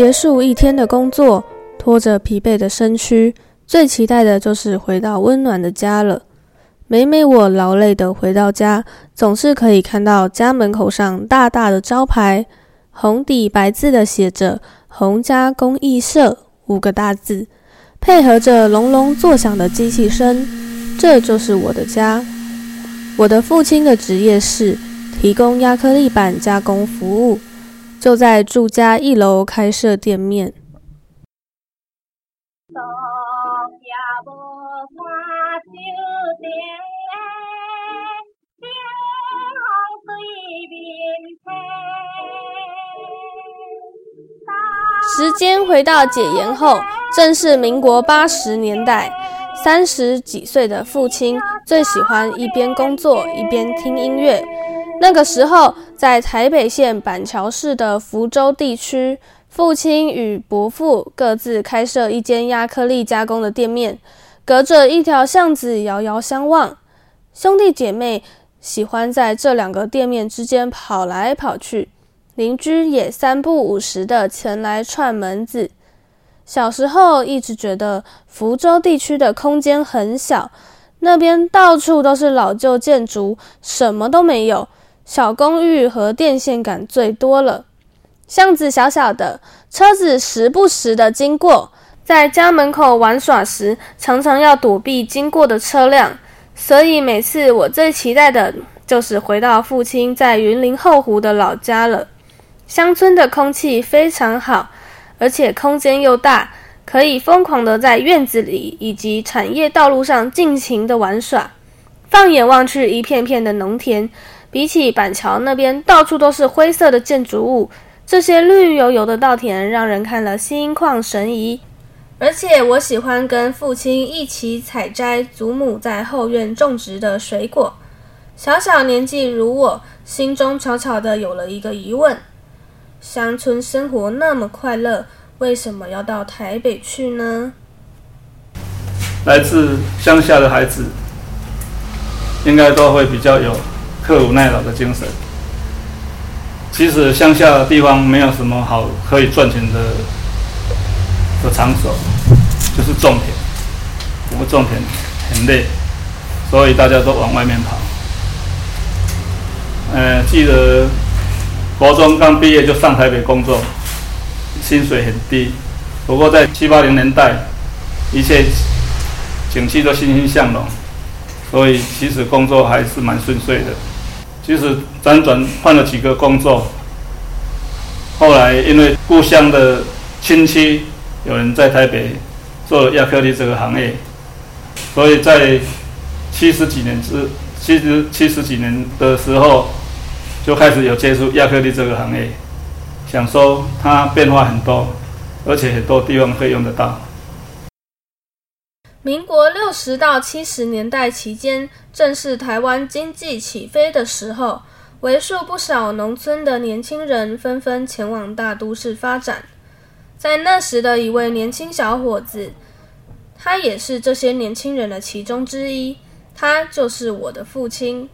結束一天的工作，拖着疲憊的身軀，最期待的就是回到溫暖的家了。每每我勞累的回到家，總是可以看到家門口上大大的招牌，紅底白字的寫着“紅家工藝社”五個大字，配合着隆隆作響的機器聲，這就是我的家。我的父親的職業是提供壓克力板加工服務。就在住家一樓開設店面。時間回到解嚴後，正是民國八十年代，三十幾歲的父親最喜歡一邊工作一邊聽音樂。那個時候。在台北縣板橋市的福州地區，父親與伯父各自開設一間壓克力加工的店面，隔着一條巷子遙遙相望。兄弟姐妹喜歡在這兩個店面之間跑來跑去，鄰居也三不五時的前來串門子。小時候一直覺得福州地區的空間很小，那邊到處都是老舊建築，什麼都沒有。小公寓和電線桿最多了，巷子小小的，車子時不時的經過。在家門口玩耍時，常常要躲避經過的車輛，所以每次我最期待的就是回到父親在雲林後湖的老家了。鄉村的空氣非常好，而且空間又大，可以瘋狂的在院子裡以及產業道路上盡情的玩耍。放眼望去，一片片的農田。比起板橋那邊到處都是灰色的建築物，這些綠油油的稻田讓人看了心曠神怡。而且我喜歡跟父親一起採摘祖母在後院種植的水果。小小年紀如我，心中悄悄的有了一個疑問：鄉村生活那麼快樂，為什麼要到台北去呢？來自鄉下的孩子，應該都會比較有。克苦耐勞的精神。其實鄉下的地方沒有什麼好可以賺錢的的場所，就是種田。不過種田很累，所以大家都往外面跑。呃，記得國中剛畢業就上台北工作，薪水很低，不過在七八零年代，一切景氣都欣欣向榮，所以其實工作還是蠻順遂的。就是輾轉換了幾個工作，後來因為故鄉的親戚有人在台北做了壓克力這個行業，所以在七十幾年之七十七十幾年的時候就開始有接觸壓克力這個行業，想說它變化很多，而且很多地方可以用得到。民國六十到七十年代期間，正是台灣經濟起飛的時候，為數不少農村的年輕人紛紛前往大都市發展。在那時的一位年輕小伙子，他也是這些年輕人的其中之一，他就是我的父親。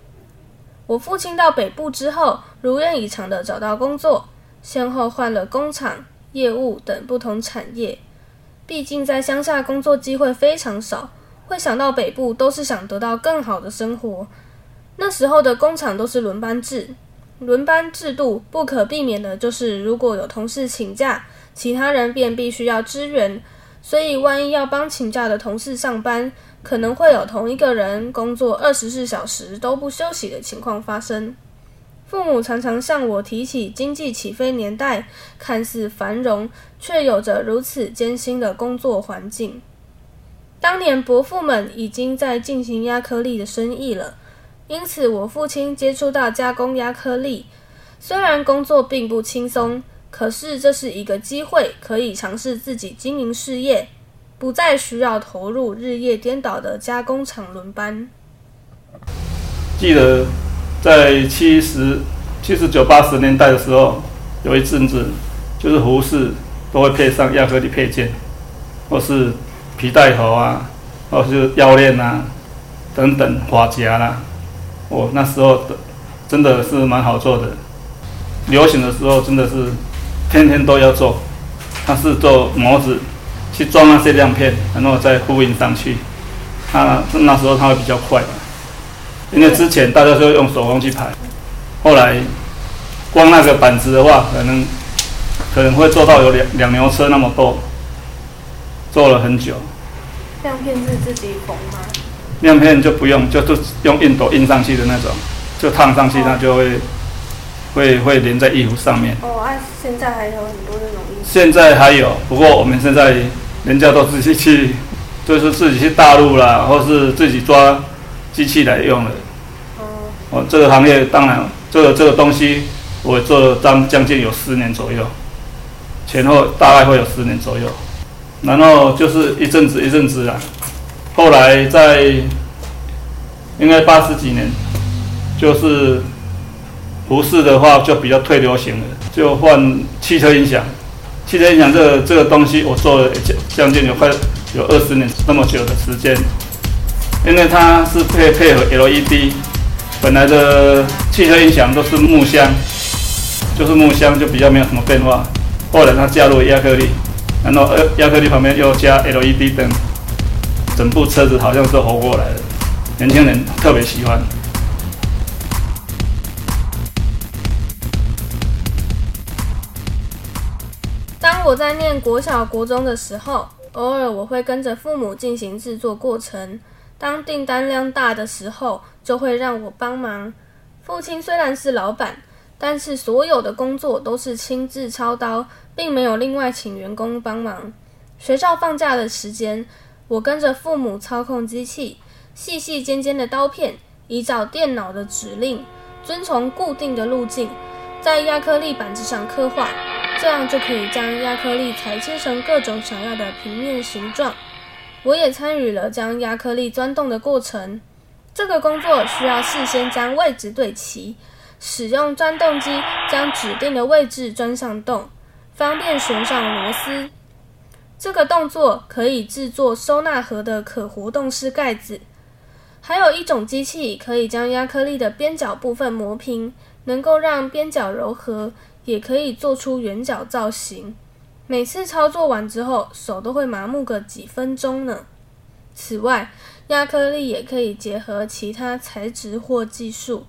我父親到北部之後，如願以償地找到工作，先後換了工廠、業務等不同產業。畢竟在鄉下工作機會非常少，會想到北部都是想得到更好的生活。那時候的工廠都是輪班制，輪班制度不可避免的就是如果有同事請假，其他人便必須要支援。所以萬一要幫請假的同事上班，可能會有同一個人工作二十四小時都不休息的情況發生。父母常常向我提起經濟起飛年代，看似繁榮，卻有着如此艱辛的工作環境。當年伯父們已經在進行壓克力的生意了，因此我父親接觸到加工壓克力。雖然工作並不輕鬆，可是這是一個機會，可以嘗試自己經營事業，不再需要投入日夜顛倒的加工廠輪班。記得。在七十、七十九八十年代的時候，有一陣子，就是服飾都會配上壓克力配件，或是皮帶盒啊，或是腰鏈吶，等等髮夾啦。我、啊哦、那時候的真的是蠻好做的，流行的時候真的是天天都要做。他是做模子去裝那些亮片，然後再複印上去。那那時候他會比較快。因為之前大家就用手工去排，後來光那個板子的話，可能可能會做到有兩兩牛車那麼多，做了很久。亮片是自己縫嗎？亮片就不用，就都用熨斗，印上去的那種，就燙上去，它就會、哦、會會連在衣服上面。哦，啊，現在還有很多那種衣服。現在還有，不過我們現在人家都自己去，就是自己去大陸啦，或是自己抓機器來用了。這個行業當然，這個、這個東西我做了將近有十年左右，前後大概會有十年左右，然後就是一陣子一陣子啦。後來在應該八十幾年，就是服飾的話就比較退流行了，就換汽車音響。汽車音響這個這個東西我做了將近有快有二十年那麼久的時間，因為它是配配合 LED。本來的汽車音響都是木箱，就是木箱就比較沒有什麼變化。後來它加入壓克力，然後呃壓克力旁邊又加 LED 燈，整部車子好像是活過來了。年輕人特別喜歡。當我在念國小、國中的時候，偶爾我會跟着父母進行制作過程。當訂單量大的時候，就會讓我幫忙。父親雖然是老闆，但是所有的工作都是親自操刀，並沒有另外請員工幫忙。學校放假的時間，我跟着父母操控機器，細細尖尖，尖的刀片依照電腦的指令，遵從固定的路徑，在壓克力板子上刻畫，這樣就可以將壓克力裁切成各種想要的平面形狀。我也參與了將壓克力鑽洞的過程。這個工作需要事先將位置對齊，使用鑽洞機將指定的位置鑽上洞，方便旋上螺絲。這個動作可以制作收納盒的可活動式蓋子。還有一種機器可以將壓克力的邊角部分磨平，能夠讓邊角柔和，也可以做出圓角造型。每次操作完之後，手都會麻木個幾分鐘呢。此外，壓克力也可以結合其他材質或技術，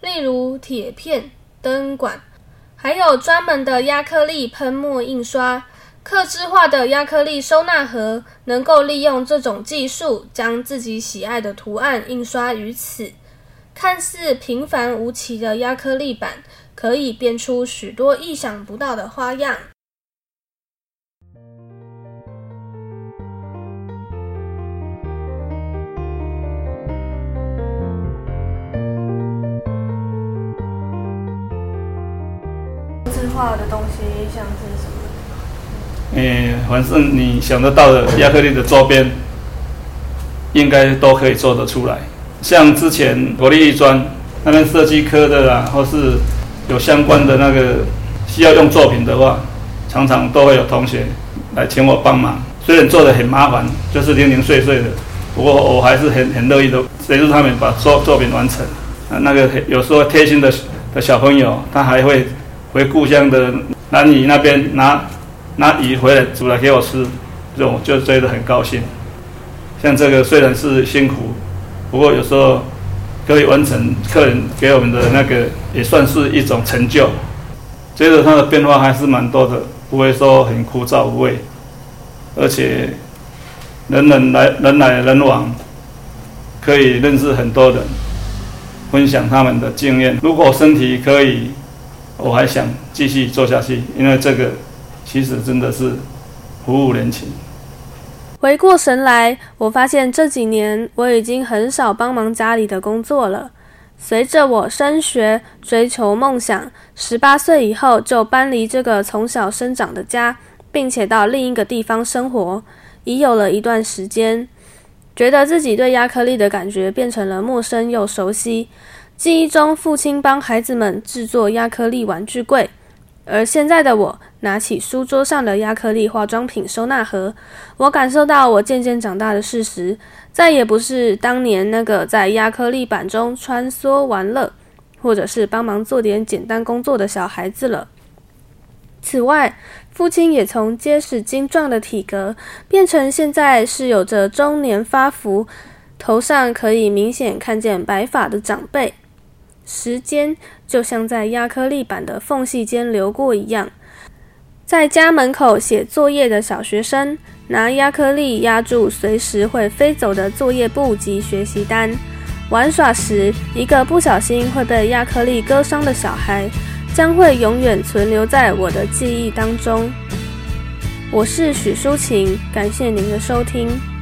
例如鐵片、燈管，還有專門的壓克力噴墨印刷。客製化的壓克力收納盒能夠利用這種技術，將自己喜愛的圖案印刷於此。看似平凡無奇的壓克力板，可以變出許多意想不到的花樣。畫的東西像是什麼？嗯、欸，反正你想得到的，亞克力的週邊應該都可以做得出來。像之前國立藝專那邊設計科的啦，或是有相關的那個需要用作品的話，常常都會有同學來請我幫忙。雖然做得很麻煩，就是零零碎碎的，不過我還是很很樂意的協助他們把作作品完成。啊，那個有時候貼心的的小朋友，他還會。回故鄉的南，南泥那邊拿拿魚回來煮來給我吃，這種就追得很高興。像這個雖然是辛苦，不過有時候可以完成客人給我們的那個，也算是一種成就。覺得他的變化還是蠻多的，不會說很枯燥無味，而且人人來人來人往，可以認識很多人，分享他們的經驗。如果身體可以。我還想繼續做下去，因為這個其實真的是服務人情。回過神來，我發現這幾年我已經很少幫忙家裡的工作了。隨着我升學、追求夢想，十八歲以後就搬離這個從小生長的家，並且到另一個地方生活，已有了一段時間，覺得自己對壓克力的感覺變成了陌生又熟悉。記憶中，父親幫孩子們製作壓克力玩具櫃，而現在的我拿起書桌上的壓克力化妝品收納盒，我感受到我漸漸長大的事實，再也不是當年那個在壓克力板中穿梭玩樂，或者是幫忙做點簡單工作的小孩子了。此外，父親也從結實精壯的體格，變成現在是有着中年發福，頭上可以明顯看見白髮的長輩。時間就像在壓克力板的縫隙間流過一樣，在家門口寫作業的小學生拿壓克力壓住隨時會飛走的作業簿及學習單。玩耍時，一個不小心會被壓克力割傷的小孩，將會永遠存留在我的記憶當中。我是許淑琴，感謝您的收聽。